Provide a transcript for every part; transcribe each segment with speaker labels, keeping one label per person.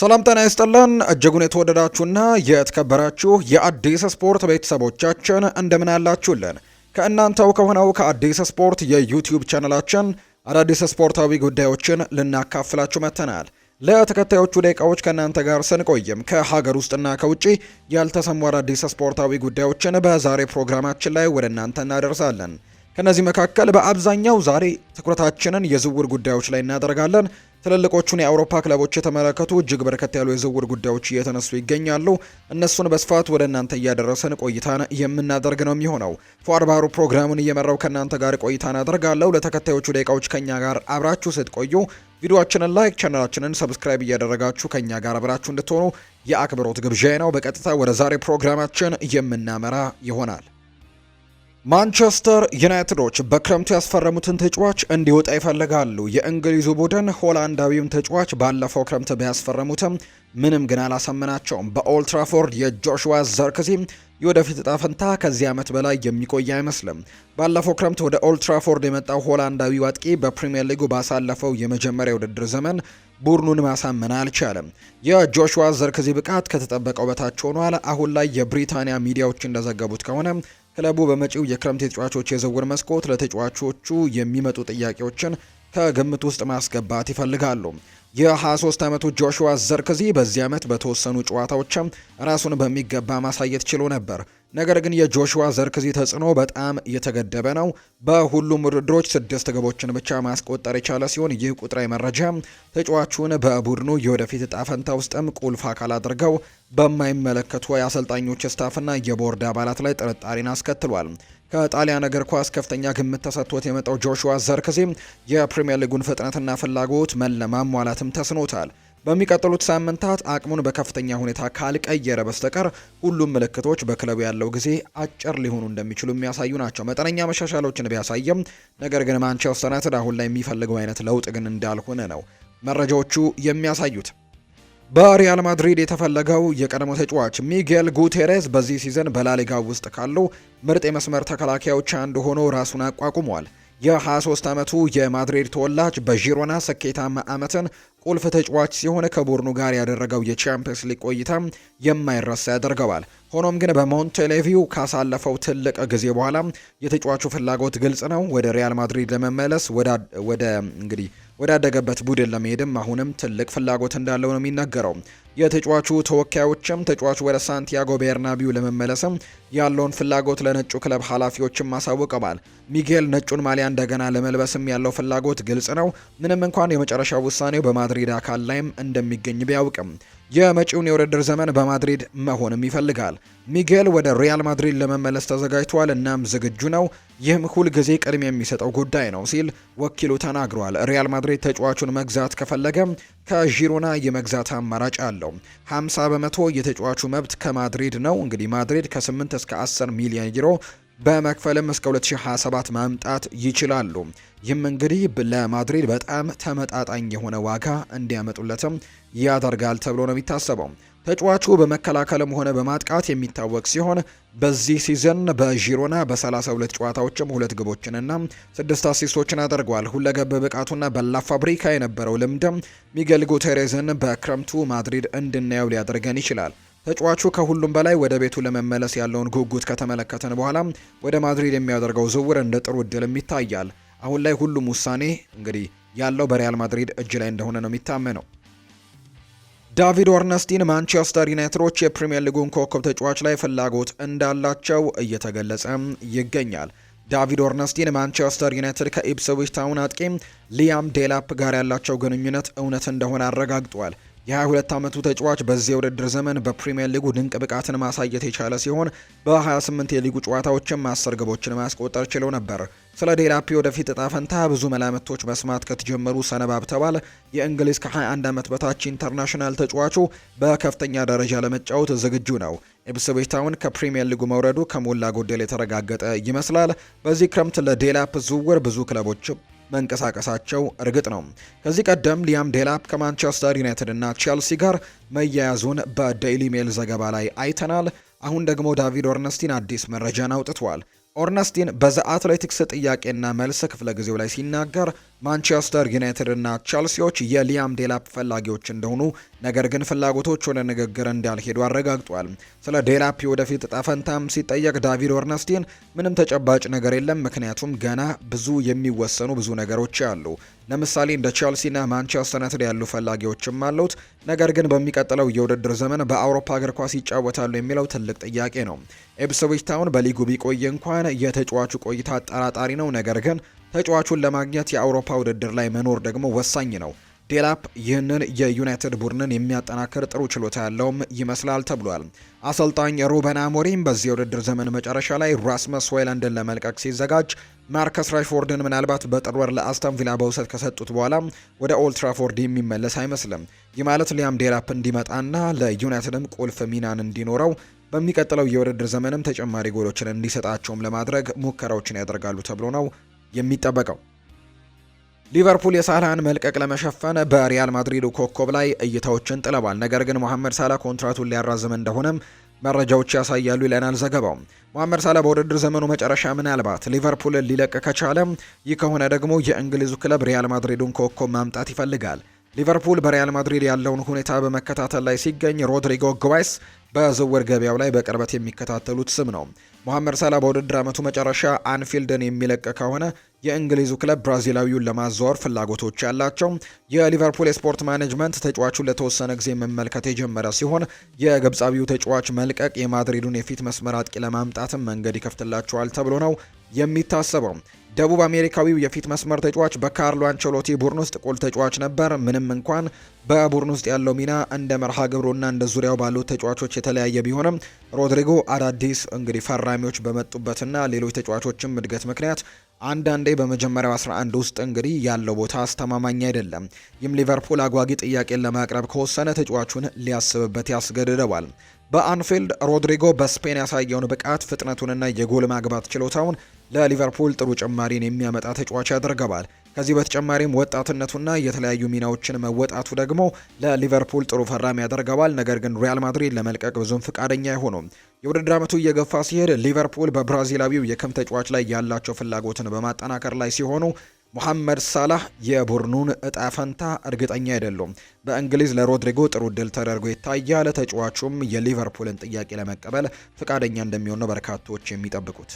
Speaker 1: ሰላም ጤና ይስጥልን እጅጉን የተወደዳችሁና የተከበራችሁ የአዲስ ስፖርት ቤተሰቦቻችን እንደምን አላችሁልን? ከእናንተው ከሆነው ከአዲስ ስፖርት የዩቲዩብ ቻነላችን አዳዲስ ስፖርታዊ ጉዳዮችን ልናካፍላችሁ መጥተናል። ለተከታዮቹ ደቂቃዎች ከእናንተ ጋር ስንቆይም ከሀገር ውስጥና ከውጭ ያልተሰሙ አዳዲስ ስፖርታዊ ጉዳዮችን በዛሬ ፕሮግራማችን ላይ ወደ እናንተ እናደርሳለን። ከእነዚህ መካከል በአብዛኛው ዛሬ ትኩረታችንን የዝውውር ጉዳዮች ላይ እናደርጋለን። ትልልቆቹን የአውሮፓ ክለቦች የተመለከቱ እጅግ በርከት ያሉ የዝውውር ጉዳዮች እየተነሱ ይገኛሉ። እነሱን በስፋት ወደ እናንተ እያደረሰን ቆይታን የምናደርግ ነው የሚሆነው። ፏርባሩ ፕሮግራሙን እየመራው ከእናንተ ጋር ቆይታን አደርጋለሁ። ለተከታዮቹ ደቂቃዎች ከእኛ ጋር አብራችሁ ስትቆዩ ቪዲዮችንን ላይክ፣ ቻናላችንን ሰብስክራይብ እያደረጋችሁ ከእኛ ጋር አብራችሁ እንድትሆኑ የአክብሮት ግብዣ ነው። በቀጥታ ወደ ዛሬ ፕሮግራማችን የምናመራ ይሆናል። ማንቸስተር ዩናይትዶች በክረምቱ ያስፈረሙትን ተጫዋች እንዲወጣ ይፈልጋሉ። የእንግሊዙ ቡድን ሆላንዳዊውን ተጫዋች ባለፈው ክረምት ቢያስፈረሙትም ምንም ግን አላሳመናቸውም። በኦልትራፎርድ የጆሹዋ ዘርክዚ የወደፊት እጣ ፈንታ ከዚህ ዓመት በላይ የሚቆይ አይመስልም። ባለፈው ክረምት ወደ ኦልትራፎርድ የመጣው ሆላንዳዊ አጥቂ በፕሪምየር ሊጉ ባሳለፈው የመጀመሪያ ውድድር ዘመን ቡድኑን ማሳመን አልቻለም። የጆሹዋ ዘርክዚ ብቃት ከተጠበቀው በታች ሆኗል። አሁን ላይ የብሪታንያ ሚዲያዎች እንደዘገቡት ከሆነ ክለቡ በመጪው የክረምት የተጫዋቾች የዝውውር መስኮት ለተጫዋቾቹ የሚመጡ ጥያቄዎችን ከግምት ውስጥ ማስገባት ይፈልጋሉ። የ23 ዓመቱ ጆሹዋ ዘርክዚ በዚህ ዓመት በተወሰኑ ጨዋታዎችም ራሱን በሚገባ ማሳየት ችሎ ነበር። ነገር ግን የጆሹዋ ዘርክዚ ተጽዕኖ በጣም የተገደበ ነው። በሁሉም ውድድሮች ስድስት ግቦችን ብቻ ማስቆጠር የቻለ ሲሆን ይህ ቁጥራዊ መረጃ ተጫዋቹን በቡድኑ የወደፊት እጣ ፈንታ ውስጥም ቁልፍ አካል አድርገው በማይመለከቱ የአሰልጣኞች ስታፍና የቦርድ አባላት ላይ ጥርጣሬን አስከትሏል። ከጣሊያን እግር ኳስ ከፍተኛ ግምት ተሰጥቶት የመጣው ጆሹዋ ዘርክዚ የፕሪምየር ሊጉን ፍጥነትና ፍላጎት መለማሟላትም ተስኖታል። በሚቀጥሉት ሳምንታት አቅሙን በከፍተኛ ሁኔታ ካልቀየረ በስተቀር ሁሉም ምልክቶች በክለቡ ያለው ጊዜ አጭር ሊሆኑ እንደሚችሉ የሚያሳዩ ናቸው። መጠነኛ መሻሻሎችን ቢያሳየም ነገር ግን ማንቸስተር ዩናይትድ አሁን ላይ የሚፈልገው አይነት ለውጥ ግን እንዳልሆነ ነው መረጃዎቹ የሚያሳዩት። በሪያል ማድሪድ የተፈለገው የቀድሞ ተጫዋች ሚጌል ጉቴሬዝ በዚህ ሲዘን በላሊጋ ውስጥ ካሉ ምርጥ የመስመር ተከላካዮች አንዱ ሆኖ ራሱን አቋቁሟል። የ23 ዓመቱ የማድሪድ ተወላጅ በዢሮና ስኬታማ ዓመትን ቁልፍ ተጫዋች ሲሆን ከቡድኑ ጋር ያደረገው የቻምፒየንስ ሊግ ቆይታ የማይረሳ ያደርገዋል። ሆኖም ግን በሞንቴሌቪው ካሳለፈው ትልቅ ጊዜ በኋላ የተጫዋቹ ፍላጎት ግልጽ ነው። ወደ ሪያል ማድሪድ ለመመለስ ወደ እንግዲህ ወዳደገበት ቡድን ለመሄድም አሁንም ትልቅ ፍላጎት እንዳለው ነው የሚነገረው። የተጫዋቹ ተወካዮችም ተጫዋቹ ወደ ሳንቲያጎ ቤርናቢው ለመመለስም ያለውን ፍላጎት ለነጩ ክለብ ኃላፊዎችም አሳውቀዋል። ሚጌል ነጩን ማሊያ እንደገና ለመልበስም ያለው ፍላጎት ግልጽ ነው፣ ምንም እንኳን የመጨረሻ ውሳኔው በማድሪድ አካል ላይም እንደሚገኝ ቢያውቅም የመጪውን የውድድር ዘመን በማድሪድ መሆንም ይፈልጋል። ሚጌል ወደ ሪያል ማድሪድ ለመመለስ ተዘጋጅቷል፣ እናም ዝግጁ ነው። ይህም ሁልጊዜ ቅድሚያ የሚሰጠው ጉዳይ ነው ሲል ወኪሉ ተናግሯል። ሪያል ማድሪድ ተጫዋቹን መግዛት ከፈለገ ከዢሮና የመግዛት አማራጭ አለው። 50 በመቶ የተጫዋቹ መብት ከማድሪድ ነው። እንግዲህ ማድሪድ ከ8 እስከ 10 ሚሊዮን ዩሮ በመክፈልም እስከ 2027 ማምጣት ይችላሉ። ይህም እንግዲህ ለማድሪድ በጣም ተመጣጣኝ የሆነ ዋጋ እንዲያመጡለትም ያደርጋል ተብሎ ነው የሚታሰበው። ተጫዋቹ በመከላከልም ሆነ በማጥቃት የሚታወቅ ሲሆን በዚህ ሲዝን በዢሮና በ32 ጨዋታዎችም ሁለት ግቦችንና ስድስት አሲስቶችን አድርጓል። ሁለገብ ብቃቱና በላ ፋብሪካ የነበረው ልምድም ሚገል ጉቴሬዝን በክረምቱ ማድሪድ እንድናየው ሊያደርገን ይችላል። ተጫዋቹ ከሁሉም በላይ ወደ ቤቱ ለመመለስ ያለውን ጉጉት ከተመለከተን በኋላ ወደ ማድሪድ የሚያደርገው ዝውውር እንደ ጥሩ እድልም ይታያል። አሁን ላይ ሁሉም ውሳኔ እንግዲህ ያለው በሪያል ማድሪድ እጅ ላይ እንደሆነ ነው የሚታመነው። ዳቪድ ኦርነስቲን ማንቸስተር ዩናይትዶች የፕሪምየር ሊጉን ኮከብ ተጫዋች ላይ ፍላጎት እንዳላቸው እየተገለጸ ይገኛል። ዳቪድ ኦርነስቲን ማንቸስተር ዩናይትድ ከኢፕስዊች ታውን አጥቂ ሊያም ዴላፕ ጋር ያላቸው ግንኙነት እውነት እንደሆነ አረጋግጧል። የ22 ዓመቱ ተጫዋች በዚህ የውድድር ዘመን በፕሪምየር ሊጉ ድንቅ ብቃትን ማሳየት የቻለ ሲሆን በ28 የሊጉ ጨዋታዎችም አስር ግቦችን ማስቆጠር ችለው ነበር። ስለ ዴላፒ ወደፊት እጣ ፈንታ ብዙ መላምቶች መስማት ከተጀመሩ ሰነባብተዋል። የእንግሊዝ ከ21 ዓመት በታች ኢንተርናሽናል ተጫዋቹ በከፍተኛ ደረጃ ለመጫወት ዝግጁ ነው። ኢፕስዊች ታውን ከፕሪምየር ሊጉ መውረዱ ከሞላ ጎደል የተረጋገጠ ይመስላል። በዚህ ክረምት ለዴላፕ ዝውውር ብዙ ክለቦችም መንቀሳቀሳቸው እርግጥ ነው። ከዚህ ቀደም ሊያም ዴላፕ ከማንቸስተር ዩናይትድ እና ቼልሲ ጋር መያያዙን በዴይሊ ሜል ዘገባ ላይ አይተናል። አሁን ደግሞ ዳቪድ ኦርነስቲን አዲስ መረጃን አውጥቷል። ኦርነስቲን በዘአትሌቲክስ ጥያቄና መልስ ክፍለ ጊዜው ላይ ሲናገር ማንቸስተር ዩናይትድ እና ቸልሲዎች የሊያም ዴላፕ ፈላጊዎች እንደሆኑ ነገር ግን ፍላጎቶች ወደ ንግግር እንዳልሄዱ አረጋግጧል። ስለ ዴላፕ ወደፊት ጠፈንታም ሲጠየቅ ዳቪድ ኦርነስቲን ምንም ተጨባጭ ነገር የለም፣ ምክንያቱም ገና ብዙ የሚወሰኑ ብዙ ነገሮች አሉ ለምሳሌ እንደ ቼልሲና ማንቸስተር ዩናይትድ ያሉ ፈላጊዎችም አሉት። ነገር ግን በሚቀጥለው የውድድር ዘመን በአውሮፓ እግር ኳስ ይጫወታሉ የሚለው ትልቅ ጥያቄ ነው። ኢፕስዊች ታውን በሊጉ ቢቆይ እንኳን የተጫዋቹ ቆይታ አጠራጣሪ ነው። ነገር ግን ተጫዋቹን ለማግኘት የአውሮፓ ውድድር ላይ መኖር ደግሞ ወሳኝ ነው። ዴላፕ ይህንን የዩናይትድ ቡድንን የሚያጠናክር ጥሩ ችሎታ ያለውም ይመስላል ተብሏል። አሰልጣኝ ሩበን አሞሪም በዚህ የውድድር ዘመን መጨረሻ ላይ ራስመስ ሆይላንድን ለመልቀቅ ሲዘጋጅ ማርከስ ራሽፎርድን ምናልባት በጥር ወር ለአስተን ቪላ በውሰት ከሰጡት በኋላ ወደ ኦልትራፎርድ የሚመለስ አይመስልም። ይህ ማለት ሊያም ዴላፕ እንዲመጣና ለዩናይትድም ቁልፍ ሚናን እንዲኖረው በሚቀጥለው የውድድር ዘመንም ተጨማሪ ጎሎችን እንዲሰጣቸውም ለማድረግ ሙከራዎችን ያደርጋሉ ተብሎ ነው የሚጠበቀው። ሊቨርፑል የሳላህን መልቀቅ ለመሸፈን በሪያል ማድሪዱ ኮከብ ላይ እይታዎችን ጥለዋል። ነገር ግን መሐመድ ሳላህ ኮንትራቱን ሊያራዝም እንደሆነም መረጃዎች ያሳያሉ ይለናል ዘገባው። መሐመድ ሳላህ በውድድር ዘመኑ መጨረሻ ምናልባት ሊቨርፑል ሊለቅ ከቻለ፣ ይህ ከሆነ ደግሞ የእንግሊዙ ክለብ ሪያል ማድሪዱን ኮከብ ማምጣት ይፈልጋል። ሊቨርፑል በሪያል ማድሪድ ያለውን ሁኔታ በመከታተል ላይ ሲገኝ ሮድሪጎ ግዋይስ በዝውውር ገበያው ላይ በቅርበት የሚከታተሉት ስም ነው። መሐመድ ሳላ በውድድር ዓመቱ መጨረሻ አንፊልድን የሚለቅ ከሆነ የእንግሊዙ ክለብ ብራዚላዊውን ለማዛወር ፍላጎቶች ያላቸው። የሊቨርፑል የስፖርት ማኔጅመንት ተጫዋቹን ለተወሰነ ጊዜ መመልከት የጀመረ ሲሆን የግብፃዊው ተጫዋች መልቀቅ የማድሪዱን የፊት መስመር አጥቂ ለማምጣትም መንገድ ይከፍትላቸዋል ተብሎ ነው የሚታሰበው። ደቡብ አሜሪካዊው የፊት መስመር ተጫዋች በካርሎ አንቸሎቲ ቡድን ውስጥ ቁል ተጫዋች ነበር። ምንም እንኳን በቡድን ውስጥ ያለው ሚና እንደ መርሃ ግብሩና እንደ ዙሪያው ባሉት ተጫዋቾች የተለያየ ቢሆንም ሮድሪጎ አዳዲስ እንግዲህ ፈራሚዎች በመጡበትና ሌሎች ተጫዋቾችም እድገት ምክንያት አንዳንዴ በመጀመሪያው 11 ውስጥ እንግዲህ ያለው ቦታ አስተማማኝ አይደለም። ይህም ሊቨርፑል አጓጊ ጥያቄን ለማቅረብ ከወሰነ ተጫዋቹን ሊያስብበት ያስገድደዋል። በአንፊልድ ሮድሪጎ በስፔን ያሳየውን ብቃት ፍጥነቱንና የጎል ማግባት ችሎታውን ለሊቨርፑል ጥሩ ጭማሪን የሚያመጣ ተጫዋች ያደርገዋል። ከዚህ በተጨማሪም ወጣትነቱና የተለያዩ ሚናዎችን መወጣቱ ደግሞ ለሊቨርፑል ጥሩ ፈራም ያደርገዋል። ነገር ግን ሪያል ማድሪድ ለመልቀቅ ብዙም ፍቃደኛ አይሆኑም። የውድድር ዓመቱ እየገፋ ሲሄድ ሊቨርፑል በብራዚላዊው የክም ተጫዋች ላይ ያላቸው ፍላጎትን በማጠናከር ላይ ሲሆኑ ሙሐመድ ሳላህ የቡድኑን እጣ ፈንታ እርግጠኛ አይደሉም። በእንግሊዝ ለሮድሪጎ ጥሩ እድል ተደርጎ ይታያል። ተጫዋቹም የሊቨርፑልን ጥያቄ ለመቀበል ፈቃደኛ እንደሚሆን ነው በርካቶች የሚጠብቁት።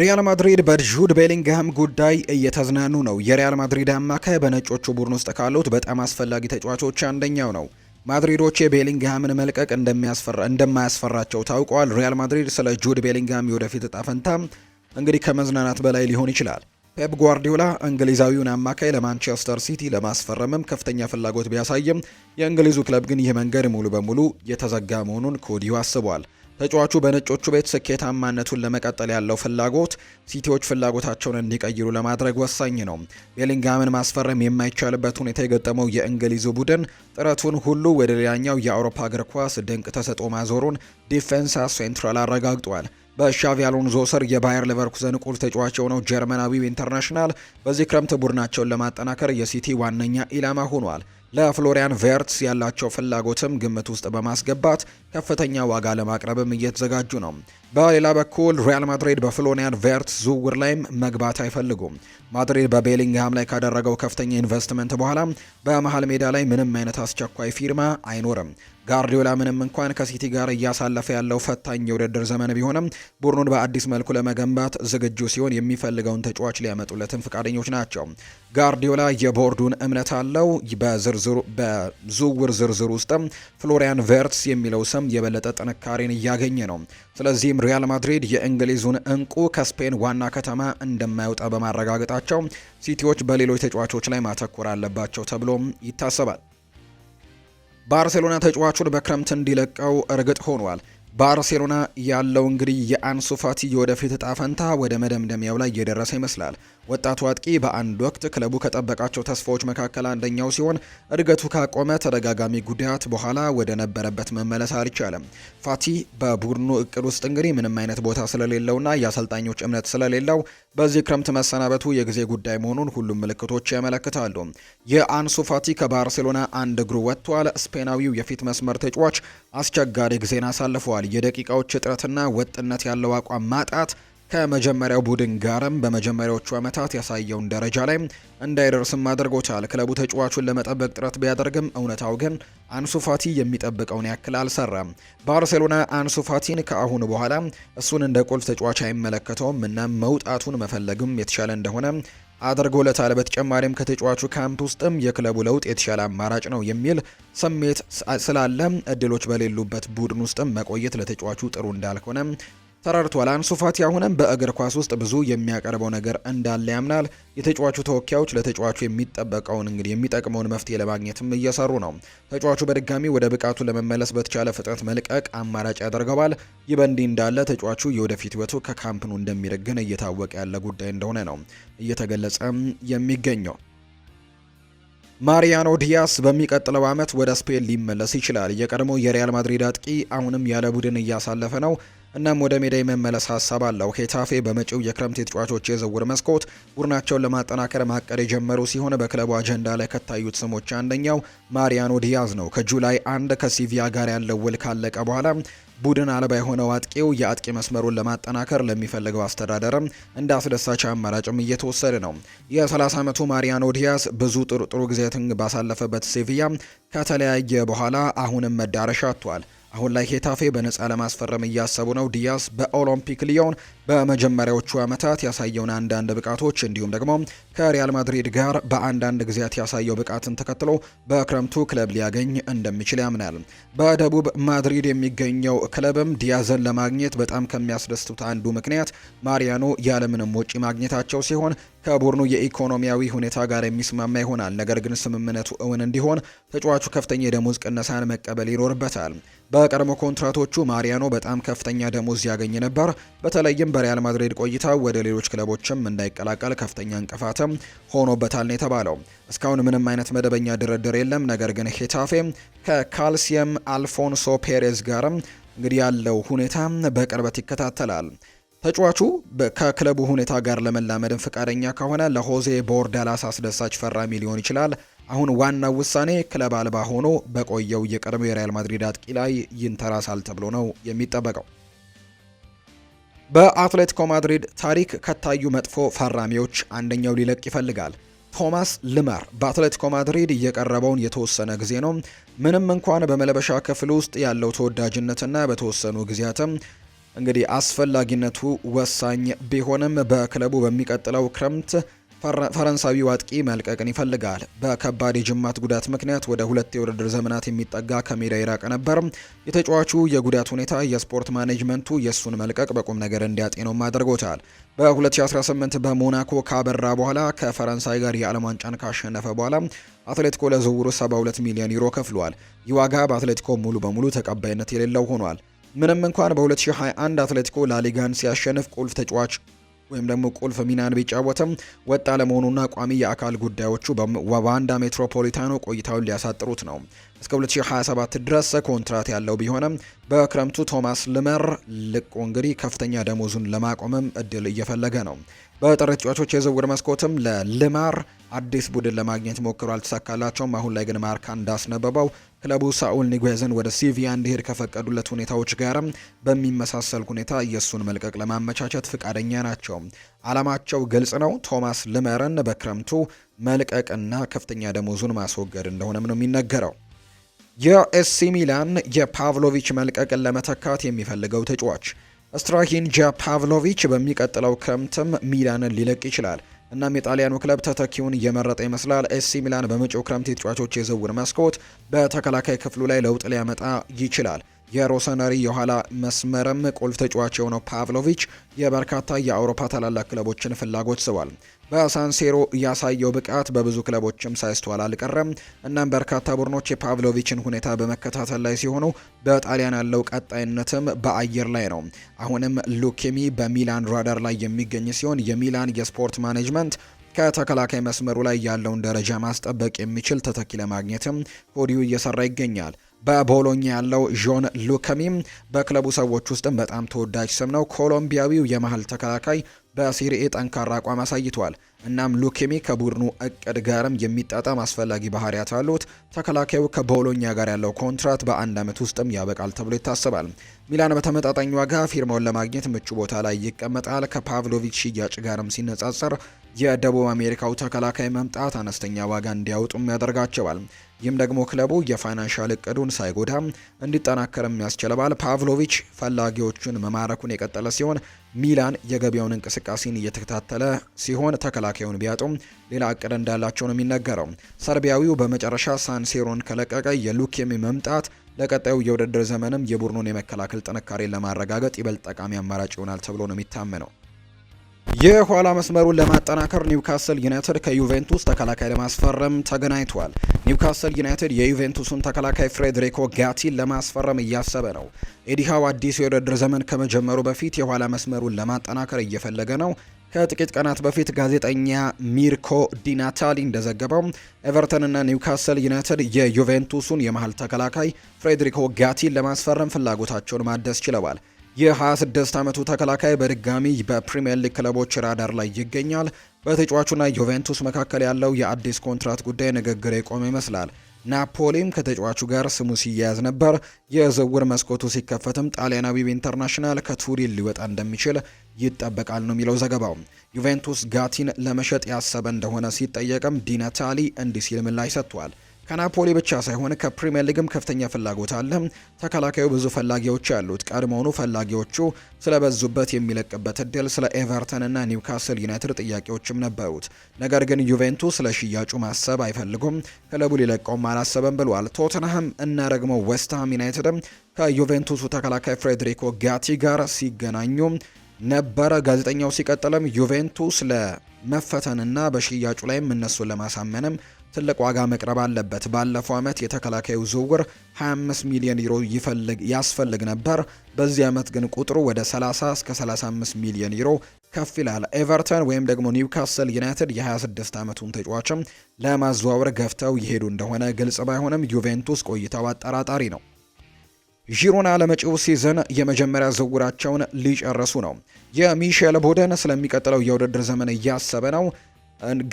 Speaker 1: ሪያል ማድሪድ በጁድ ቤሊንግሃም ጉዳይ እየተዝናኑ ነው። የሪያል ማድሪድ አማካይ በነጮቹ ቡድን ውስጥ ካሉት በጣም አስፈላጊ ተጫዋቾች አንደኛው ነው። ማድሪዶች የቤሊንግሃምን መልቀቅ እንደማያስፈራቸው ታውቋል። ሪያል ማድሪድ ስለ ጁድ ቤሊንግሃም የወደፊት እጣ ፈንታ እንግዲህ ከመዝናናት በላይ ሊሆን ይችላል። ፔፕ ጓርዲዮላ እንግሊዛዊውን አማካይ ለማንቸስተር ሲቲ ለማስፈረምም ከፍተኛ ፍላጎት ቢያሳይም የእንግሊዙ ክለብ ግን ይህ መንገድ ሙሉ በሙሉ የተዘጋ መሆኑን ከወዲሁ አስቧል። ተጫዋቹ በነጮቹ ቤት ስኬታማነቱን ለመቀጠል ያለው ፍላጎት ሲቲዎች ፍላጎታቸውን እንዲቀይሩ ለማድረግ ወሳኝ ነው። ቤሊንጋምን ማስፈረም የማይቻልበት ሁኔታ የገጠመው የእንግሊዙ ቡድን ጥረቱን ሁሉ ወደ ሌላኛው የአውሮፓ እግር ኳስ ድንቅ ተሰጥኦ ማዞሩን ዲፌንሳ ሴንትራል አረጋግጧል። በሻቪ አሎንዞ ስር የባየር ሌቨርኩዘን ቁልፍ ተጫዋች የሆነው ጀርመናዊው ኢንተርናሽናል በዚህ ክረምት ቡድናቸውን ለማጠናከር የሲቲ ዋነኛ ኢላማ ሆኗል። ለፍሎሪያን ቬርትስ ያላቸው ፍላጎትም ግምት ውስጥ በማስገባት ከፍተኛ ዋጋ ለማቅረብም እየተዘጋጁ ነው። በሌላ በኩል ሪያል ማድሪድ በፍሎሪያን ቨርትዝ ዝውውር ላይም መግባት አይፈልጉም። ማድሪድ በቤሊንግሃም ላይ ካደረገው ከፍተኛ ኢንቨስትመንት በኋላ በመሃል ሜዳ ላይ ምንም አይነት አስቸኳይ ፊርማ አይኖርም። ጋርዲዮላ ምንም እንኳን ከሲቲ ጋር እያሳለፈ ያለው ፈታኝ የውድድር ዘመን ቢሆንም ቡድኑን በአዲስ መልኩ ለመገንባት ዝግጁ ሲሆን የሚፈልገውን ተጫዋች ሊያመጡለትም ፈቃደኞች ናቸው። ጋርዲዮላ የቦርዱን እምነት አለው። በዝውውር ዝርዝር ውስጥም ፍሎሪያን ቨርትዝ የሚለው ስም ቡድንም የበለጠ ጥንካሬን እያገኘ ነው። ስለዚህም ሪያል ማድሪድ የእንግሊዙን እንቁ ከስፔን ዋና ከተማ እንደማይወጣ በማረጋገጣቸው ሲቲዎች በሌሎች ተጫዋቾች ላይ ማተኮር አለባቸው ተብሎም ይታሰባል። ባርሴሎና ተጫዋቹን በክረምት እንዲለቀው እርግጥ ሆኗል። ባርሴሎና ያለው እንግዲህ የአንሱ ፋቲ የወደፊት እጣ ፈንታ ወደ መደምደሚያው ላይ እየደረሰ ይመስላል። ወጣቱ አጥቂ በአንድ ወቅት ክለቡ ከጠበቃቸው ተስፋዎች መካከል አንደኛው ሲሆን እድገቱ ካቆመ ተደጋጋሚ ጉዳያት በኋላ ወደ ነበረበት መመለስ አልቻለም። ፋቲ በቡድኑ እቅድ ውስጥ እንግዲህ ምንም አይነት ቦታ ስለሌለውና የአሰልጣኞች እምነት ስለሌለው በዚህ ክረምት መሰናበቱ የጊዜ ጉዳይ መሆኑን ሁሉም ምልክቶች ያመለክታሉ። የአንሱ ፋቲ ከባርሴሎና አንድ እግሩ ወጥቷል። ስፔናዊው የፊት መስመር ተጫዋች አስቸጋሪ ጊዜን አሳልፈዋል። የደቂቃዎች እጥረትና ወጥነት ያለው አቋም ማጣት ከመጀመሪያው ቡድን ጋርም በመጀመሪያዎቹ ዓመታት ያሳየውን ደረጃ ላይ እንዳይደርስም አድርጎታል። ክለቡ ተጫዋቹን ለመጠበቅ ጥረት ቢያደርግም እውነታው ግን አንሱፋቲ የሚጠብቀውን ያክል አልሰራም። ባርሴሎና አንሱፋቲን ከአሁን ከአሁኑ በኋላ እሱን እንደ ቁልፍ ተጫዋች አይመለከተውም እና መውጣቱን መፈለግም የተሻለ እንደሆነ አድርጎለታል። በተጨማሪም ከተጫዋቹ ካምፕ ውስጥም የክለቡ ለውጥ የተሻለ አማራጭ ነው የሚል ስሜት ስላለ እድሎች በሌሉበት ቡድን ውስጥም መቆየት ለተጫዋቹ ጥሩ እንዳልሆነ ተረድቷል። አንሱ ፋቲ አሁንም በእግር ኳስ ውስጥ ብዙ የሚያቀርበው ነገር እንዳለ ያምናል። የተጫዋቹ ተወካዮች ለተጫዋቹ የሚጠበቀውን እንግዲህ የሚጠቅመውን መፍትሄ ለማግኘትም እየሰሩ ነው። ተጫዋቹ በድጋሚ ወደ ብቃቱ ለመመለስ በተቻለ ፍጥነት መልቀቅ አማራጭ ያደርገዋል። ይህ በእንዲህ እንዳለ ተጫዋቹ የወደፊት ህይወቱ ከካምፕኑ እንደሚርግን እየታወቀ ያለ ጉዳይ እንደሆነ ነው እየተገለጸ የሚገኘው። ማሪያኖ ዲያስ በሚቀጥለው ዓመት ወደ ስፔን ሊመለስ ይችላል። የቀድሞ የሪያል ማድሪድ አጥቂ አሁንም ያለ ቡድን እያሳለፈ ነው። እናም ወደ ሜዳ የመመለስ ሀሳብ አለው። ሄታፌ በመጪው የክረምት የተጫዋቾች የዝውውር መስኮት ቡድናቸውን ለማጠናከር ማቀድ የጀመሩ ሲሆን በክለቡ አጀንዳ ላይ ከታዩት ስሞች አንደኛው ማሪያኖ ዲያዝ ነው። ከጁላይ አንድ ከሲቪያ ጋር ያለው ውል ካለቀ በኋላ ቡድን አልባ የሆነው አጥቂው የአጥቂ መስመሩን ለማጠናከር ለሚፈልገው አስተዳደርም እንደ አስደሳች አማራጭም እየተወሰደ ነው። የ30 ዓመቱ ማሪያኖ ዲያስ ብዙ ጥሩ ጥሩ ጊዜያትን ባሳለፈበት ሴቪያ ከተለያየ በኋላ አሁንም መዳረሻ አጥቷል። አሁን ላይ ሄታፌ በነጻ ለማስፈረም እያሰቡ ነው። ዲያስ በኦሎምፒክ ሊዮን በመጀመሪያዎቹ ዓመታት ያሳየውን አንዳንድ ብቃቶች እንዲሁም ደግሞ ከሪያል ማድሪድ ጋር በአንዳንድ ጊዜያት ያሳየው ብቃትን ተከትሎ በክረምቱ ክለብ ሊያገኝ እንደሚችል ያምናል። በደቡብ ማድሪድ የሚገኘው ክለብም ዲያዘን ለማግኘት በጣም ከሚያስደስቱት አንዱ ምክንያት ማሪያኖ ያለምንም ወጪ ማግኘታቸው ሲሆን ከቡድኑ የኢኮኖሚያዊ ሁኔታ ጋር የሚስማማ ይሆናል። ነገር ግን ስምምነቱ እውን እንዲሆን ተጫዋቹ ከፍተኛ የደሞዝ ቅነሳን መቀበል ይኖርበታል። በቀድሞ ኮንትራቶቹ ማሪያኖ በጣም ከፍተኛ ደሞዝ ያገኝ ነበር። በተለይም በሪያል ማድሪድ ቆይታ ወደ ሌሎች ክለቦችም እንዳይቀላቀል ከፍተኛ እንቅፋትም ሆኖበታል ነው የተባለው። እስካሁን ምንም አይነት መደበኛ ድርድር የለም። ነገር ግን ሄታፌ ከካልሲየም አልፎንሶ ፔሬዝ ጋርም እንግዲህ ያለው ሁኔታ በቅርበት ይከታተላል። ተጫዋቹ ከክለቡ ሁኔታ ጋር ለመላመድን ፈቃደኛ ከሆነ ለሆዜ ቦርዳላስ አስደሳች ፈራሚ ሊሆን ይችላል። አሁን ዋናው ውሳኔ ክለብ አልባ ሆኖ በቆየው የቀድሞ የሪያል ማድሪድ አጥቂ ላይ ይንተራሳል ተብሎ ነው የሚጠበቀው። በአትሌቲኮ ማድሪድ ታሪክ ከታዩ መጥፎ ፈራሚዎች አንደኛው ሊለቅ ይፈልጋል። ቶማስ ልመር በአትሌቲኮ ማድሪድ እየቀረበውን የተወሰነ ጊዜ ነው። ምንም እንኳን በመለበሻ ክፍል ውስጥ ያለው ተወዳጅነትና በተወሰኑ ጊዜያትም እንግዲህ አስፈላጊነቱ ወሳኝ ቢሆንም በክለቡ በሚቀጥለው ክረምት ፈረንሳዊ አጥቂ መልቀቅን ይፈልጋል። በከባድ የጅማት ጉዳት ምክንያት ወደ ሁለት የውድድር ዘመናት የሚጠጋ ከሜዳ ይራቀ ነበር። የተጫዋቹ የጉዳት ሁኔታ የስፖርት ማኔጅመንቱ የእሱን መልቀቅ በቁም ነገር እንዲያጤነውም አድርጎታል። በ2018 በሞናኮ ካበራ በኋላ ከፈረንሳይ ጋር የዓለም ዋንጫን ካሸነፈ በኋላ አትሌቲኮ ለዝውውሩ 72 ሚሊዮን ዩሮ ከፍሏል። ይህ ዋጋ በአትሌቲኮ ሙሉ በሙሉ ተቀባይነት የሌለው ሆኗል። ምንም እንኳን በ2021 አትሌቲኮ ላሊጋን ሲያሸንፍ ቁልፍ ተጫዋች ወይም ደግሞ ቁልፍ ሚናን ቢጫወትም ወጥ አለመሆኑና ቋሚ የአካል ጉዳዮቹ በዋንዳ ሜትሮፖሊታኖ ቆይታውን ሊያሳጥሩት ነው። እስከ 2027 ድረስ ኮንትራት ያለው ቢሆንም በክረምቱ ቶማስ ልመር ልቁ እንግዲህ ከፍተኛ ደሞዙን ለማቆምም እድል እየፈለገ ነው። በጥር ተጫዋቾች የዝውውር መስኮትም ለልማር አዲስ ቡድን ለማግኘት ሞክሮ አልተሳካላቸውም። አሁን ላይ ግን ማርካ እንዳስነበበው ክለቡ ሳኡል ኒጉዌዝን ወደ ሲቪያ እንዲሄድ ከፈቀዱለት ሁኔታዎች ጋርም በሚመሳሰል ሁኔታ የእሱን መልቀቅ ለማመቻቸት ፍቃደኛ ናቸው። አላማቸው ግልጽ ነው። ቶማስ ልመርን በክረምቱ መልቀቅና ከፍተኛ ደሞዙን ማስወገድ እንደሆነም ነው የሚነገረው። የኤሲ ሚላን የፓቭሎቪች መልቀቅን ለመተካት የሚፈልገው ተጫዋች ስትራሂንጃ ፓቭሎቪች በሚቀጥለው ክረምትም ሚላንን ሊለቅ ይችላል። እናም የጣሊያኑ ክለብ ተተኪውን እየመረጠ ይመስላል። ኤሲ ሚላን በመጪው ክረምት የተጫዋቾች የዝውውር መስኮት በተከላካይ ክፍሉ ላይ ለውጥ ሊያመጣ ይችላል። የሮሰነሪ የኋላ መስመርም ቁልፍ ተጫዋች የሆነው ፓቭሎቪች የበርካታ የአውሮፓ ታላላቅ ክለቦችን ፍላጎት ስቧል። በሳንሴሮ ያሳየው ብቃት በብዙ ክለቦችም ሳይስተዋል አልቀረም። እናም በርካታ ቡድኖች የፓቭሎቪችን ሁኔታ በመከታተል ላይ ሲሆኑ በጣሊያን ያለው ቀጣይነትም በአየር ላይ ነው። አሁንም ሉኬሚ በሚላን ራዳር ላይ የሚገኝ ሲሆን የሚላን የስፖርት ማኔጅመንት ከተከላካይ መስመሩ ላይ ያለውን ደረጃ ማስጠበቅ የሚችል ተተኪ ለማግኘትም ሆዲው እየሰራ ይገኛል። በቦሎኛ ያለው ዦን ሉከሚም በክለቡ ሰዎች ውስጥም በጣም ተወዳጅ ስም ነው። ኮሎምቢያዊው የመሀል ተከላካይ በሲሪኤ ጠንካራ አቋም አሳይቷል። እናም ሉኬሚ ከቡድኑ እቅድ ጋርም የሚጣጣም አስፈላጊ ባህሪያት አሉት። ተከላካዩ ከቦሎኛ ጋር ያለው ኮንትራት በአንድ ዓመት ውስጥም ያበቃል ተብሎ ይታሰባል። ሚላን በተመጣጣኝ ዋጋ ፊርማውን ለማግኘት ምቹ ቦታ ላይ ይቀመጣል። ከፓቭሎቪች ሽያጭ ጋርም ሲነጻጸር የደቡብ አሜሪካው ተከላካይ መምጣት አነስተኛ ዋጋ እንዲያወጡም ያደርጋቸዋል። ይህም ደግሞ ክለቡ የፋይናንሻል እቅዱን ሳይጎዳም እንዲጠናከር የሚያስችል ፓቭሎቪች ፈላጊዎቹን መማረኩን የቀጠለ ሲሆን ሚላን የገበያውን እንቅስቃሴን እየተከታተለ ሲሆን ተከላካዩን ቢያጡም ሌላ እቅድ እንዳላቸው ነው የሚነገረው። ሰርቢያዊው በመጨረሻ ሳንሴሮን ከለቀቀ የሉኬሚ መምጣት ለቀጣዩ የውድድር ዘመንም የቡድኑን የመከላከል ጥንካሬን ለማረጋገጥ ይበልጥ ጠቃሚ አማራጭ ይሆናል ተብሎ ነው የሚታመነው። የኋላ መስመሩን ለማጠናከር ኒውካስል ዩናይትድ ከዩቬንቱስ ተከላካይ ለማስፈረም ተገናኝቷል። ኒውካስል ዩናይትድ የዩቬንቱስን ተከላካይ ፍሬድሪኮ ጋቲን ለማስፈረም እያሰበ ነው። ኤዲሃው አዲስ የውድድር ዘመን ከመጀመሩ በፊት የኋላ መስመሩን ለማጠናከር እየፈለገ ነው። ከጥቂት ቀናት በፊት ጋዜጠኛ ሚርኮ ዲናታሊ እንደዘገበው ኤቨርተንና ኒውካስል ዩናይትድ የዩቬንቱሱን የመሀል ተከላካይ ፍሬድሪኮ ጋቲን ለማስፈረም ፍላጎታቸውን ማደስ ችለዋል። የ26 ዓመቱ ተከላካይ በድጋሚ በፕሪምየር ሊግ ክለቦች ራዳር ላይ ይገኛል። በተጫዋቹና ዩቬንቱስ መካከል ያለው የአዲስ ኮንትራት ጉዳይ ንግግር የቆመ ይመስላል። ናፖሊም ከተጫዋቹ ጋር ስሙ ሲያያዝ ነበር። የዝውውር መስኮቱ ሲከፈትም ጣሊያናዊው ኢንተርናሽናል ከቱሪን ሊወጣ እንደሚችል ይጠበቃል ነው የሚለው ዘገባው። ዩቬንቱስ ጋቲን ለመሸጥ ያሰበ እንደሆነ ሲጠየቅም ዲናታሊ እንዲህ ሲል ምላሽ ሰጥቷል። ከናፖሊ ብቻ ሳይሆን ከፕሪምየር ሊግም ከፍተኛ ፍላጎት አለ። ተከላካዩ ብዙ ፈላጊዎች ያሉት ቀድሞውኑ ፈላጊዎቹ ስለበዙበት የሚለቅበት እድል ስለ ኤቨርተን እና ኒውካስል ዩናይትድ ጥያቄዎችም ነበሩት። ነገር ግን ዩቬንቱስ ስለ ሽያጩ ማሰብ አይፈልጉም፣ ክለቡ ሊለቀውም አላሰበም ብሏል። ቶተንሃም እና ደግሞ ዌስትሃም ዩናይትድም ከዩቬንቱሱ ተከላካይ ፍሬድሪኮ ጋቲ ጋር ሲገናኙ ነበረ። ጋዜጠኛው ሲቀጥልም ዩቬንቱስ ለመፈተንና በሽያጩ ላይም እነሱን ለማሳመንም ትልቅ ዋጋ መቅረብ አለበት። ባለፈው ዓመት የተከላካዩ ዝውውር 25 ሚሊዮን ዩሮ ይፈልግ ያስፈልግ ነበር። በዚህ ዓመት ግን ቁጥሩ ወደ 30 እስከ 35 ሚሊዮን ዩሮ ከፍ ይላል። ኤቨርተን ወይም ደግሞ ኒውካስል ዩናይትድ የ26 ዓመቱን ተጫዋችም ለማዘዋወር ገፍተው ይሄዱ እንደሆነ ግልጽ ባይሆንም ዩቬንቱስ ቆይታው አጠራጣሪ ነው። ዢሮና ለመጪው ሲዝን የመጀመሪያ ዝውውራቸውን ሊጨርሱ ነው። የሚሼል ቡድን ስለሚቀጥለው የውድድር ዘመን እያሰበ ነው።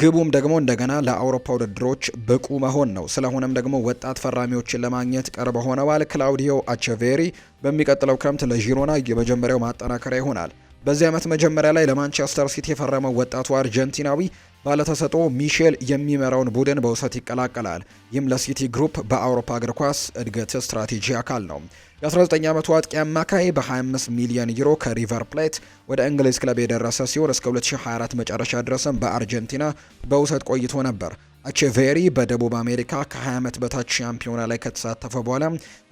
Speaker 1: ግቡም ደግሞ እንደገና ለአውሮፓ ውድድሮች ብቁ መሆን ነው። ስለሆነም ደግሞ ወጣት ፈራሚዎችን ለማግኘት ቅርብ ሆነዋል። ክላውዲዮ አቸቬሪ በሚቀጥለው ክረምት ለዢሮና የመጀመሪያው ማጠናከሪያ ይሆናል። በዚህ ዓመት መጀመሪያ ላይ ለማንቸስተር ሲቲ የፈረመው ወጣቱ አርጀንቲናዊ ባለተሰጦ ሚሼል የሚመራውን ቡድን በውሰት ይቀላቀላል። ይህም ለሲቲ ግሩፕ በአውሮፓ እግር ኳስ እድገት ስትራቴጂ አካል ነው። የ19 ዓመቱ አጥቂ አማካይ በ25 ሚሊዮን ዩሮ ከሪቨር ፕሌት ወደ እንግሊዝ ክለብ የደረሰ ሲሆን እስከ 2024 መጨረሻ ድረስም በአርጀንቲና በውሰት ቆይቶ ነበር። አቼቬሪ በደቡብ አሜሪካ ከ20 ዓመት በታች ሻምፒዮና ላይ ከተሳተፈ በኋላ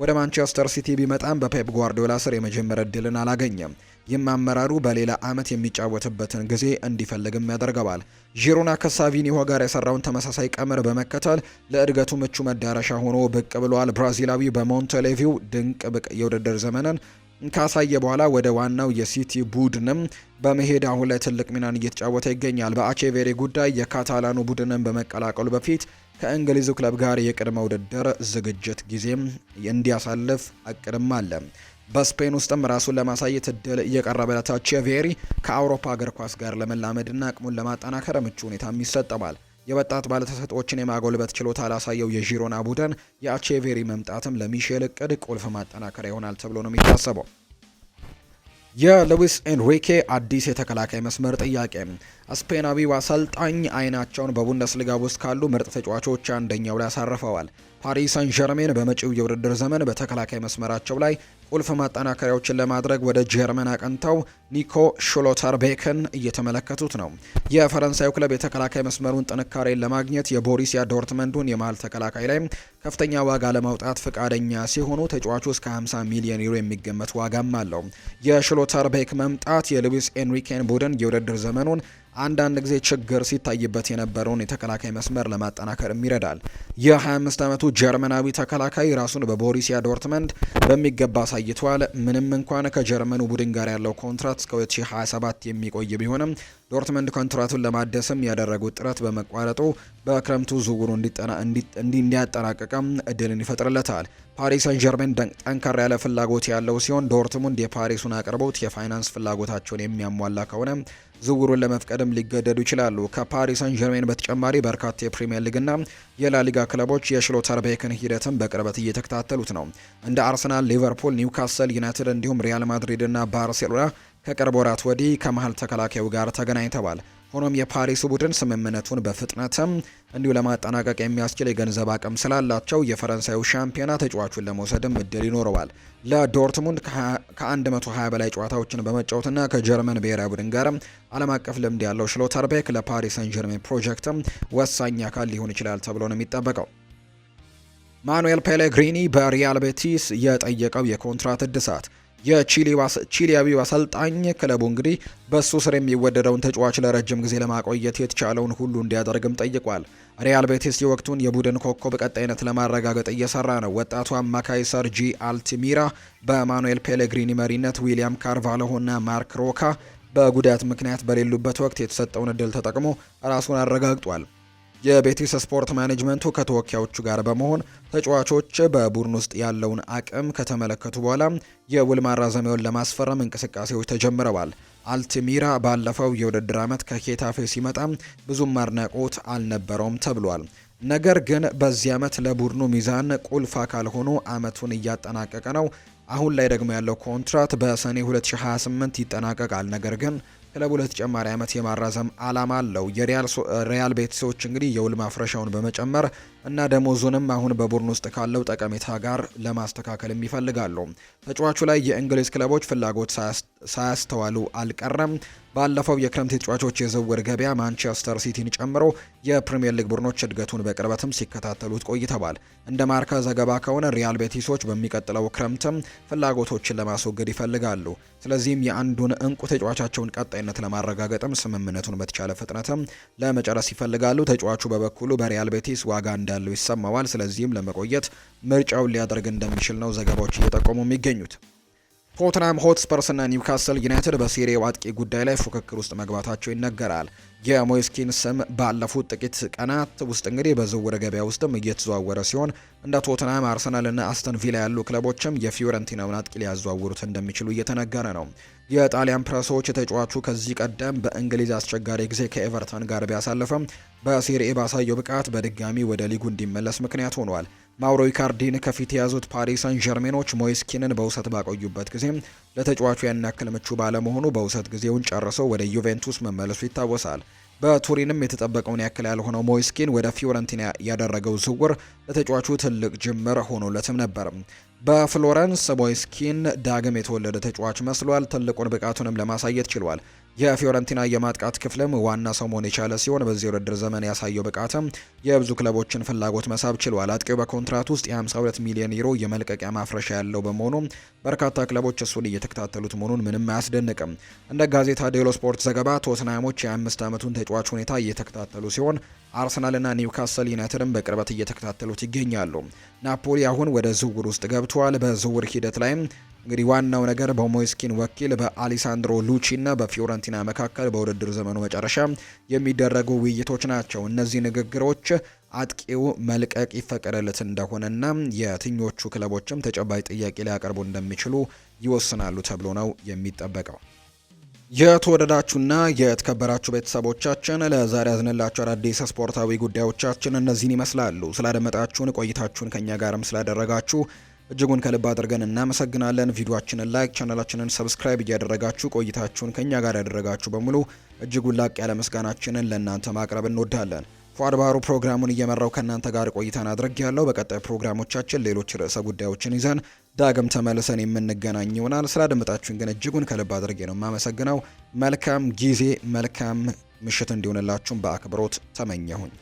Speaker 1: ወደ ማንቸስተር ሲቲ ቢመጣም በፔፕ ጓርዲዮላ ስር የመጀመሪያ እድልን አላገኘም። ይህም አመራሩ በሌላ ዓመት የሚጫወትበትን ጊዜ እንዲፈልግም ያደርገዋል። ዢሩና ከሳቪኒሆ ጋር የሰራውን ተመሳሳይ ቀመር በመከተል ለእድገቱ ምቹ መዳረሻ ሆኖ ብቅ ብሏል። ብራዚላዊ በሞንቴሌቪው ድንቅ የውድድር ዘመንን ካሳየ በኋላ ወደ ዋናው የሲቲ ቡድንም በመሄድ አሁን ላይ ትልቅ ሚናን እየተጫወተ ይገኛል። በአቼቬሬ ጉዳይ የካታላኑ ቡድንን በመቀላቀሉ በፊት ከእንግሊዙ ክለብ ጋር የቅድመ ውድድር ዝግጅት ጊዜም እንዲያሳልፍ እቅድም አለ። በስፔን ውስጥም ራሱን ለማሳየት እድል እየቀረበለት አቼቬሪ ከአውሮፓ እግር ኳስ ጋር ለመላመድና አቅሙን ለማጠናከር ምቹ ሁኔታም ይሰጠማል። የወጣት ባለተሰጥኦችን የማጎልበት ችሎታ ላሳየው የዢሮና ቡድን የአቼቬሪ መምጣትም ለሚሼል እቅድ ቁልፍ ማጠናከሪያ ይሆናል ተብሎ ነው የሚታሰበው። የሉዊስ ኤንሪኬ አዲስ የተከላካይ መስመር ጥያቄ ስፔናዊው አሰልጣኝ አይናቸውን በቡንደስሊጋ ውስጥ ካሉ ምርጥ ተጫዋቾች አንደኛው ላይ አሳርፈዋል። ፓሪስ ሳን ዠርሜን በመጪው የውድድር ዘመን በተከላካይ መስመራቸው ላይ ቁልፍ ማጠናከሪያዎችን ለማድረግ ወደ ጀርመን አቅንተው ኒኮ ቤክን እየተመለከቱት ነው። የፈረንሳዩ ክለብ የተከላካይ መስመሩን ጥንካሬን ለማግኘት የቦሪሲያ ዶርትመንዱን የመሀል ተከላካይ ላይ ከፍተኛ ዋጋ ለማውጣት ፈቃደኛ ሲሆኑ ተጫዋቹ እስከ 50 ሚሊዮን ዩሮ የሚገመት ዋጋም አለው። ቤክ መምጣት የሉዊስ ኤንሪኬን ቡድን የውድድር ዘመኑን አንዳንድ ጊዜ ችግር ሲታይበት የነበረውን የተከላካይ መስመር ለማጠናከርም ይረዳል። የ25 ዓመቱ ጀርመናዊ ተከላካይ ራሱን በቦሪሲያ ዶርትመንድ በሚገባ አሳይቷል። ምንም እንኳን ከጀርመኑ ቡድን ጋር ያለው ኮንትራት እስከ 2027 የሚቆይ ቢሆንም ዶርትመንድ ኮንትራቱን ለማደስም ያደረጉት ጥረት በመቋረጡ በክረምቱ ዝውውሩ እንዲያጠናቀቅም እድልን ይፈጥርለታል። ፓሪስ ሰን ጀርሜን ጠንከር ያለ ፍላጎት ያለው ሲሆን ዶርትሙንድ የፓሪሱን አቅርቦት የፋይናንስ ፍላጎታቸውን የሚያሟላ ከሆነ ዝውውሩን ለመፍቀድም ሊገደዱ ይችላሉ። ከፓሪስ ሰን ጀርሜን በተጨማሪ በርካታ የፕሪምየር ሊግና የላሊጋ ክለቦች የሽሎተር ቤክን ሂደትን በቅርበት እየተከታተሉት ነው። እንደ አርሰናል፣ ሊቨርፑል፣ ኒውካስል ዩናይትድ እንዲሁም ሪያል ማድሪድ እና ባርሴሎና ከቅርብ ወራት ወዲህ ከመሀል ተከላካዩ ጋር ተገናኝተዋል። ሆኖም የፓሪሱ ቡድን ስምምነቱን በፍጥነትም እንዲሁ ለማጠናቀቅ የሚያስችል የገንዘብ አቅም ስላላቸው የፈረንሳዩ ሻምፒዮና ተጫዋቹን ለመውሰድም እድል ይኖረዋል። ለዶርትሙንድ ከ120 በላይ ጨዋታዎችን በመጫወትና ከጀርመን ብሔራዊ ቡድን ጋር ዓለም አቀፍ ልምድ ያለው ሽሎተርቤክ ለፓሪስ ሰን ጀርሜን ፕሮጀክትም ወሳኝ አካል ሊሆን ይችላል ተብሎ ነው የሚጠበቀው። ማኑኤል ፔሌግሪኒ በሪያል ቤቲስ የጠየቀው የኮንትራት እድሳት የቺሊያዊው አሰልጣኝ ክለቡ እንግዲህ በእሱ ስር የሚወደደውን ተጫዋች ለረጅም ጊዜ ለማቆየት የተቻለውን ሁሉ እንዲያደርግም ጠይቋል። ሪያል ቤቲስ የወቅቱን የቡድን ኮከብ በቀጣይነት ለማረጋገጥ እየሰራ ነው። ወጣቱ አማካይ ሰርጂ አልቲሚራ በማኑኤል ፔሌግሪኒ መሪነት ዊሊያም ካርቫሎና ማርክ ሮካ በጉዳት ምክንያት በሌሉበት ወቅት የተሰጠውን እድል ተጠቅሞ ራሱን አረጋግጧል። የቤቲስ ስፖርት ማኔጅመንቱ ከተወካዮቹ ጋር በመሆን ተጫዋቾች በቡድን ውስጥ ያለውን አቅም ከተመለከቱ በኋላ የውል ማራዘሚያውን ለማስፈረም እንቅስቃሴዎች ተጀምረዋል። አልቲሚራ ባለፈው የውድድር ዓመት ከኬታፌ ሲመጣ ብዙም አድናቆት አልነበረውም ተብሏል። ነገር ግን በዚህ ዓመት ለቡድኑ ሚዛን ቁልፍ አካል ሆኖ ዓመቱን እያጠናቀቀ ነው። አሁን ላይ ደግሞ ያለው ኮንትራት በሰኔ 2028 ይጠናቀቃል። ነገር ግን ክለቡ ለተጨማሪ ዓመት የማራዘም ዓላማ አለው። የሪያል ቤቲሶች እንግዲህ የውል ማፍረሻውን በመጨመር እና ደሞዙንም አሁን በቡድን ውስጥ ካለው ጠቀሜታ ጋር ለማስተካከልም ይፈልጋሉ። ተጫዋቹ ላይ የእንግሊዝ ክለቦች ፍላጎት ሳያስተዋሉ አልቀረም። ባለፈው የክረምት ተጫዋቾች የዝውውር ገበያ ማንቸስተር ሲቲን ጨምሮ የፕሪምየር ሊግ ቡድኖች እድገቱን በቅርበትም ሲከታተሉት ቆይተዋል። እንደ ማርካ ዘገባ ከሆነ ሪያል ቤቲሶች በሚቀጥለው ክረምትም ፍላጎቶችን ለማስወገድ ይፈልጋሉ። ስለዚህም የአንዱን እንቁ ተጫዋቻቸውን ቀጣይነት ለማረጋገጥም ስምምነቱን በተቻለ ፍጥነትም ለመጨረስ ይፈልጋሉ። ተጫዋቹ በበኩሉ በሪያል ቤቲስ ዋጋ እንዳለው ይሰማዋል። ስለዚህም ለመቆየት ምርጫውን ሊያደርግ እንደሚችል ነው ዘገባዎች እየጠቆሙ የሚገኙት። ቶትናም ሆትስፐርስ እና ኒውካስል ዩናይትድ በሴሪው አጥቂ ጉዳይ ላይ ፉክክር ውስጥ መግባታቸው ይነገራል። የሞይስኪን ስም ባለፉት ጥቂት ቀናት ውስጥ እንግዲህ በዝውውር ገበያ ውስጥም እየተዘዋወረ ሲሆን እንደ ቶትናም፣ አርሰናል እና አስተን ቪላ ያሉ ክለቦችም የፊዮረንቲናውን አጥቂ ሊያዘዋውሩት እንደሚችሉ እየተነገረ ነው። የጣሊያን ፕረሶች ተጫዋቹ ከዚህ ቀደም በእንግሊዝ አስቸጋሪ ጊዜ ከኤቨርተን ጋር ቢያሳልፍም በሴሪኤ ባሳየው ብቃት በድጋሚ ወደ ሊጉ እንዲመለስ ምክንያት ሆኗል። ማውሮ ኢካርዲን ከፊት የያዙት ፓሪስ ጀርሜኖች ሞይስኪንን በውሰት ባቆዩበት ጊዜ ለተጫዋቹ ያን ያክል ምቹ ባለመሆኑ በውሰት ጊዜውን ጨርሰው ወደ ዩቬንቱስ መመለሱ ይታወሳል። በቱሪንም የተጠበቀውን ያክል ያልሆነው ሞይስኪን ወደ ፊዮረንቲና ያደረገው ዝውውር ለተጫዋቹ ትልቅ ጅምር ሆኖለትም ነበር። በፍሎረንስ ቦይስኪን ዳግም የተወለደ ተጫዋች መስሏል። ትልቁን ብቃቱንም ለማሳየት ችሏል። የፊዮረንቲና የማጥቃት ክፍልም ዋና ሰው መሆን የቻለ ሲሆን በዚህ ውድድር ዘመን ያሳየው ብቃትም የብዙ ክለቦችን ፍላጎት መሳብ ችሏል። አጥቂው በኮንትራት ውስጥ የ52 ሚሊዮን ዩሮ የመልቀቂያ ማፍረሻ ያለው በመሆኑ በርካታ ክለቦች እሱን እየተከታተሉት መሆኑን ምንም አያስደንቅም። እንደ ጋዜጣ ዴሎ ስፖርት ዘገባ ቶትናሞች የአምስት ዓመቱን ተጫዋች ሁኔታ እየተከታተሉ ሲሆን አርሰናልና ኒውካስል ዩናይትድም በቅርበት እየተከታተሉት ይገኛሉ። ናፖሊ አሁን ወደ ዝውውር ውስጥ ገብቷል። በዝውውር ሂደት ላይም እንግዲህ ዋናው ነገር በሞይስኪን ወኪል በአሊሳንድሮ ሉቺ እና በፊዮረንቲና መካከል በውድድር ዘመኑ መጨረሻ የሚደረጉ ውይይቶች ናቸው። እነዚህ ንግግሮች አጥቂው መልቀቅ ይፈቀደለት እንደሆነና የትኞቹ ክለቦችም ተጨባጭ ጥያቄ ሊያቀርቡ እንደሚችሉ ይወስናሉ ተብሎ ነው የሚጠበቀው። የተወደዳችሁና የተከበራችሁ ቤተሰቦቻችን ለዛሬ ያዝንላችሁ አዳዲስ ስፖርታዊ ጉዳዮቻችን እነዚህን ይመስላሉ። ስላደመጣችሁን ቆይታችሁን ከኛ ጋርም ስላደረጋችሁ እጅጉን ከልብ አድርገን እናመሰግናለን። ቪዲዮአችንን ላይክ፣ ቻናላችንን ሰብስክራይብ እያደረጋችሁ ቆይታችሁን ከእኛ ጋር ያደረጋችሁ በሙሉ እጅጉን ላቅ ያለ ምስጋናችንን ለእናንተ ማቅረብ እንወዳለን። ፏድ ባህሩ ፕሮግራሙን እየመራው ከእናንተ ጋር ቆይታን አድርግ ያለው። በቀጣይ ፕሮግራሞቻችን ሌሎች ርዕሰ ጉዳዮችን ይዘን ዳግም ተመልሰን የምንገናኝ ይሆናል። ስላደመጣችሁን ግን እጅጉን ከልብ አድርጌ ነው የማመሰግነው። መልካም ጊዜ፣ መልካም ምሽት እንዲሆንላችሁም በአክብሮት ተመኘሁኝ።